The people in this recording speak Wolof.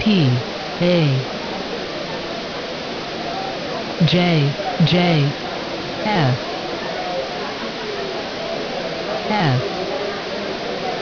P A J J F F